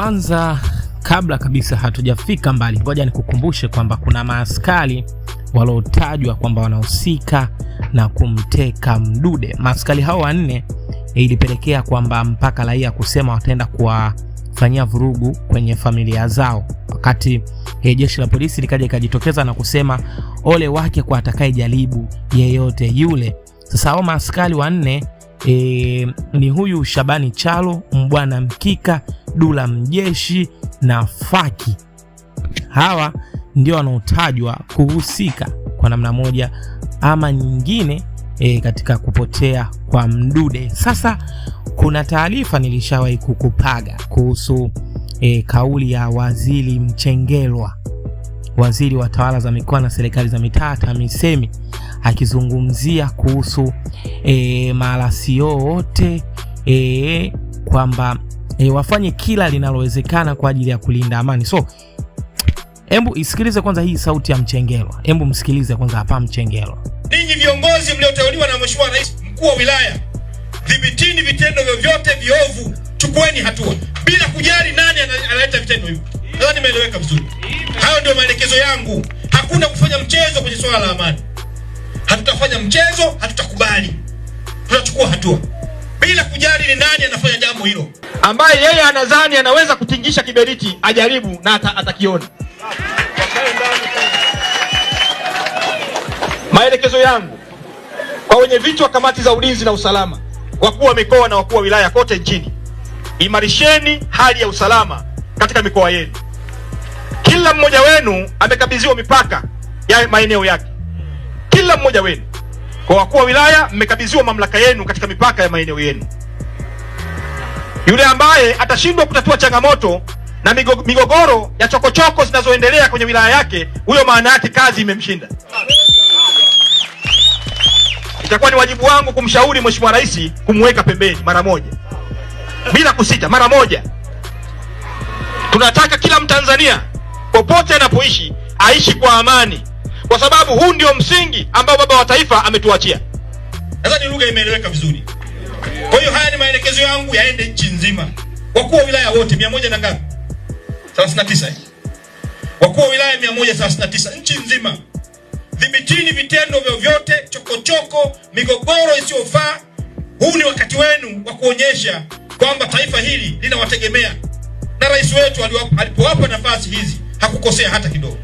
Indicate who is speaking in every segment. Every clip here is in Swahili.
Speaker 1: Kwanza, kabla kabisa hatujafika mbali, ngoja nikukumbushe kwamba kuna maaskari waliotajwa kwamba wanahusika na kumteka Mdude. Maaskari hao wanne ilipelekea kwamba mpaka raia kusema wataenda kuwafanyia vurugu kwenye familia zao, wakati eh, jeshi la polisi likaja ikajitokeza na kusema ole wake kwa atakayejaribu yeyote yule. Sasa hao maaskari wanne e, ni huyu Shabani Chalo, Mbwana Mkika Dula Mjeshi na Faki. Hawa ndio wanaotajwa kuhusika kwa namna moja ama nyingine e, katika kupotea kwa Mdude. Sasa kuna taarifa nilishawahi kukupaga kuhusu e, kauli ya Waziri mchengelwa waziri wa tawala za mikoa na serikali za mitaa TAMISEMI, akizungumzia kuhusu e, malasio wote e, kwamba e, wafanye kila linalowezekana kwa ajili ya kulinda amani. So hebu isikilize kwanza hii sauti ya Mchengerwa, hebu msikilize kwanza hapa Mchengerwa.
Speaker 2: Ninyi viongozi mlioteuliwa na Mheshimiwa Rais, mkuu wa wilaya, dhibitini vitendo vyovyote viovu, chukueni hatua bila kujali nani analeta vitendo hivyo. Nadhani nimeeleweka vizuri. Hayo ndio maelekezo yangu. Hakuna kufanya mchezo kwenye swala la amani. Hatutafanya mchezo, hatutakubali. Tunachukua hatua bila kujali ni nani anafanya jambo hilo ambaye yeye anadhani anaweza kutingisha kiberiti ajaribu na atakiona. Maelekezo yangu kwa wenye viti wa kamati za ulinzi na usalama, wakuu wa mikoa na wakuu wa wilaya kote nchini, imarisheni hali ya usalama katika mikoa yenu. Kila mmoja wenu amekabidhiwa mipaka ya maeneo yake, kila mmoja wenu. Kwa wakuu wa wilaya, mmekabidhiwa mamlaka yenu katika mipaka ya maeneo yenu. Yule ambaye atashindwa kutatua changamoto na migogoro ya chokochoko zinazoendelea kwenye wilaya yake, huyo maana yake kazi imemshinda. Itakuwa ni wajibu wangu kumshauri Mheshimiwa Rais kumweka pembeni mara moja, bila kusita, mara moja. Tunataka kila Mtanzania popote anapoishi aishi kwa amani, kwa sababu huu ndio msingi ambao baba wa taifa ametuachia. Nadhani lugha imeeleweka vizuri. Kwa hiyo haya ni maelekezo yangu yaende nchi nzima, wakuu wa wilaya wote mia moja na ngapi? 39 wakuu wa wilaya 139 nchi nzima, dhibitini vitendo vyovyote, chokochoko, migogoro isiyofaa. Huu ni wakati wenu wa kuonyesha kwamba taifa hili linawategemea, na rais wetu alipowapa nafasi hizi hakukosea hata kidogo.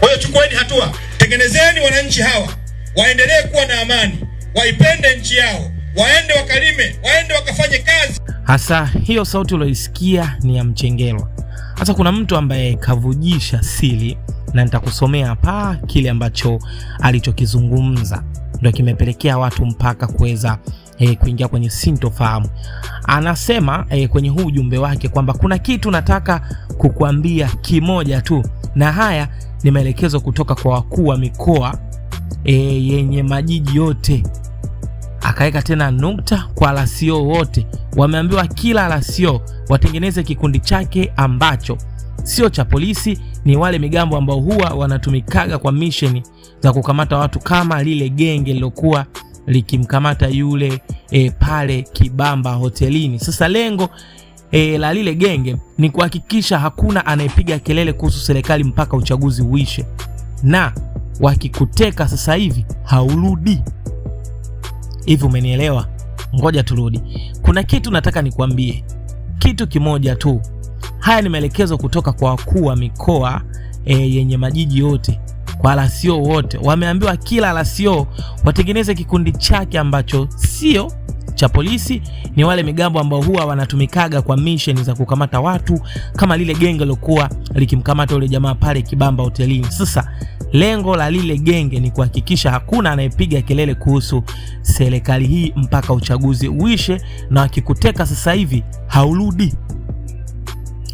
Speaker 2: Kwa hiyo chukueni hatua, tengenezeni wananchi hawa waendelee kuwa na amani, waipende nchi yao waende wakalime, waende wakafanye kazi.
Speaker 1: Hasa hiyo sauti uliyoisikia ni ya Mchengerwa. Hasa kuna mtu ambaye kavujisha siri, na nitakusomea hapa kile ambacho alichokizungumza ndio kimepelekea watu mpaka kuweza e, kuingia kwenye sintofahamu. Anasema e, kwenye huu ujumbe wake kwamba kuna kitu nataka kukuambia kimoja tu, na haya ni maelekezo kutoka kwa wakuu wa mikoa e, yenye majiji yote akaweka tena nukta kwa RCO wote. Wameambiwa kila RCO watengeneze kikundi chake ambacho sio cha polisi, ni wale migambo ambao huwa wanatumikaga kwa misheni za kukamata watu kama lile genge lilokuwa likimkamata yule e, pale Kibamba hotelini. Sasa lengo e, la lile genge ni kuhakikisha hakuna anayepiga kelele kuhusu serikali mpaka uchaguzi uishe, na wakikuteka sasa hivi haurudi hivi umenielewa? Ngoja turudi. Kuna kitu nataka nikuambie kitu kimoja tu. Haya ni maelekezo kutoka kwa wakuu wa mikoa e, yenye majiji yote kwa alasio wote wameambiwa, kila rasio watengeneze kikundi chake ambacho sio cha polisi. Ni wale migambo ambao huwa wanatumikaga kwa misheni za kukamata watu, kama lile genge lilokuwa likimkamata yule jamaa pale Kibamba hotelini. Sasa Lengo la lile genge ni kuhakikisha hakuna anayepiga kelele kuhusu serikali hii mpaka uchaguzi uishe, na akikuteka sasa hivi haurudi.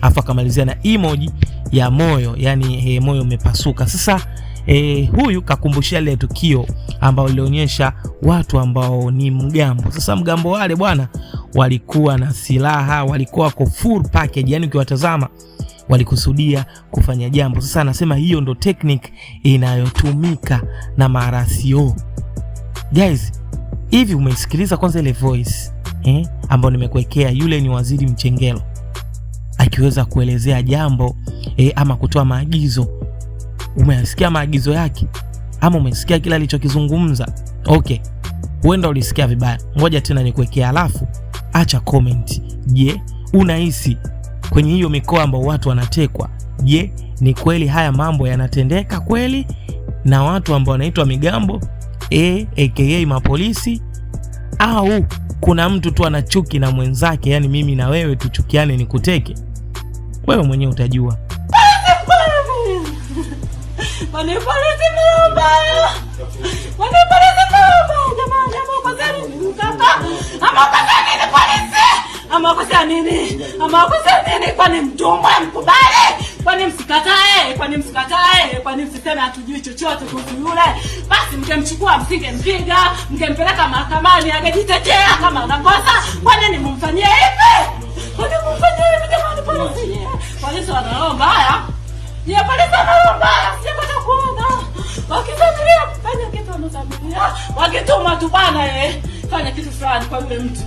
Speaker 1: Afu akamalizia na emoji ya moyo, yani moyo umepasuka. Sasa e, huyu kakumbushia lile tukio ambao lilionyesha watu ambao ni mgambo. Sasa mgambo wale bwana walikuwa na silaha, walikuwa wako full package, yani ukiwatazama walikusudia kufanya jambo. Sasa anasema hiyo ndo technique inayotumika na marasio. Guys, hivi umesikiliza kwanza ile voice eh, ambayo nimekuwekea? Yule ni Waziri Mchengelo akiweza kuelezea jambo eh, ama kutoa maagizo. Umesikia maagizo yake ama umesikia kila alichokizungumza? Okay, huenda ulisikia vibaya. Ngoja tena nikuwekea, alafu acha comment. Je, yeah, unahisi kwenye hiyo mikoa ambayo watu wanatekwa. Je, ni kweli haya mambo yanatendeka kweli na watu ambao wanaitwa migambo e, aka mapolisi, au kuna mtu tu ana chuki na mwenzake, yani mimi na wewe tuchukiane ni kuteke wewe mwenyewe utajua. Makosa nini? Makosa nini? Kwani mtumwa mkubali? Kwani msikatae? Kwani msikatae? Kwani msiseme hatujui chochote kuhusu yule? Basi mngemchukua msingempiga, mngempeleka mahakamani angejitetea kama anakosa. Kwani ni mumfanyie hivi? Kwani mumfanyie hivi jamani polisi? Polisi wana roho mbaya. Ni polisi wana roho mbaya, sijapata kuona. Wakifamilia kufanya kitu wanazamilia. Wakitumwa tu bana ye eh, Fanya kitu fulani kwa yule mtu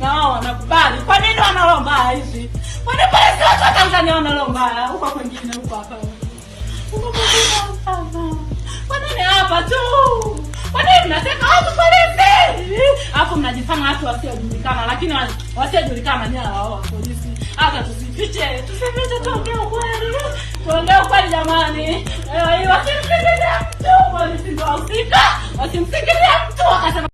Speaker 1: na wao wanakubali. Kwa nini wanalomba hivi? Kwani pale si watu wa Tanzania wanalomba huko kwingine huko hapa. Huko kwingine hapa. Kwani hapa tu. Kwani mnasema watu polisi? Hapo mnajifanya watu wasiojulikana lakini wasiojulikana ni wao polisi. Hata tusifiche, tusifiche tuongee ukweli. Tuongee ukweli jamani. Eh, wasimsikilize mtu, wasimsikilize mtu, wasimsikilize mtu akasema